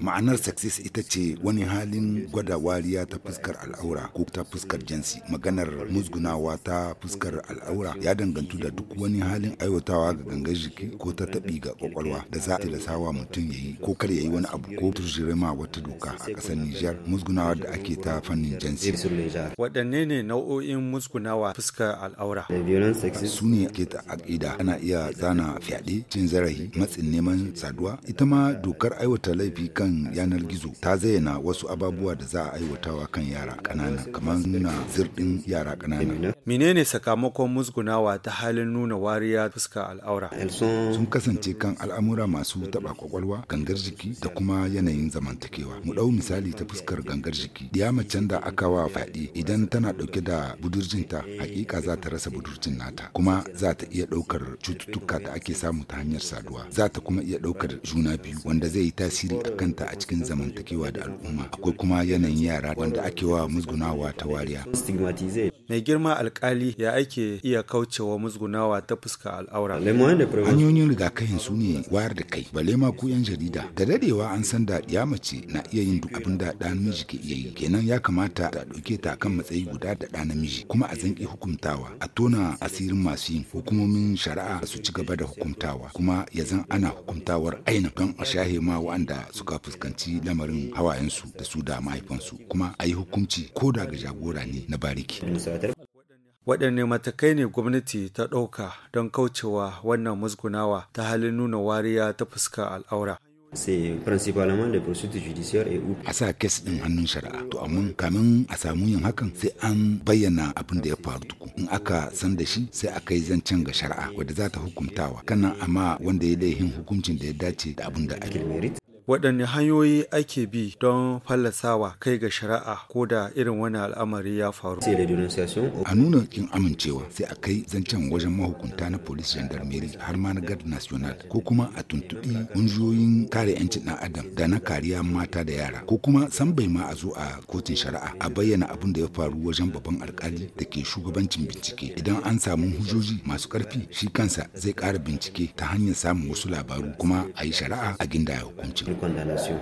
ma'anar sexist ita ce wani halin gwada wariya ta fuskar al'aura ko ta fuskar jinsi maganar musgunawa ta fuskar al'aura ya dangantu da duk wani halin aiwatawa ga gangar jiki ko ta taɓi ga kwakwalwa da za a wa mutum ya yi ko kar ya yi wani abu ko turjire ma wata doka a ƙasar Nijar musgunawa da ake ta fannin jinsi waɗanne ne nau'o'in musgunawa fuskar al'aura su ne ke ta aƙida ana iya zana fyaɗe cin zarafi matsin neman saduwa ita ma doka dokar aiwata laifi kan yanar gizo ta zayyana wasu ababuwa da za a aiwatawa kan yara ƙanana kamar nuna zirɗin yara ƙanana. Menene sakamakon musgunawa ta halin nuna wariya fuska al'aura? Sun kasance kan al'amura masu taɓa kwakwalwa, gangar jiki da kuma yanayin zamantakewa. Mu ɗau misali ta fuskar gangar jiki. diyama macen da aka wa faɗi idan tana ɗauke da budurjinta hakika za ta rasa budurjin nata kuma za ta iya ɗaukar cututtuka da ake samu ta hanyar saduwa. Za ta kuma iya ɗaukar juna biyu wanda da zai yi tasiri a kanta a cikin zamantakewa da al'umma akwai kuma yanayin yara wanda ake wa musgunawa ta wariya mai girma alkali ya ake iya kaucewa musgunawa ta fuska al'aura hanyoyin rigakafin su ne wayar da kai bale ma ku yan jarida da dadewa an san da ya mace na iya yin duk abin da ɗan namiji ke iya yi kenan ya kamata a ɗauke ta kan matsayi guda da ɗan namiji kuma a zanƙi hukuntawa a tona asirin masu yin hukumomin shari'a su ci gaba da hukuntawa kuma ya zan ana hukuntawar aina don a shahe ma wa'anda suka fuskanci lamarin hawayensu da su da mahaifansu kuma a yi hukunci ko daga jagora ne na bariki. waɗanne matakai ne gwamnati ta ɗauka don kaucewa wannan musgunawa ta halin nuna wariya ta fuska al'aura a sa kes din hannun shari'a to amma kamin a samu yin hakan sai an bayyana abin da ya faru tuku in aka san da shi sai a yi zancen ga shari'a wadda za ta hukuntawa kana amma wanda ya laihin hukuncin da ya dace da abin da ake waɗanne hanyoyi ake bi don fallasawa kai ga shari'a ko da irin wani al'amari ya faru a nuna kin amincewa sai a kai zancen wajen mahukunta na police gendarmerie har ma na guard national ko kuma a tuntuɓi ƙungiyoyin kare 'yancin ɗan adam da na kariya mata da yara ko kuma san bai ma a zo a kotun shari'a a bayyana abin da ya faru wajen babban alkali da ke shugabancin bincike idan an samu hujjoji masu ƙarfi shi kansa zai ƙara bincike ta hanyar samun wasu labaru kuma a yi shari'a a ginda ya hukunci condamnation.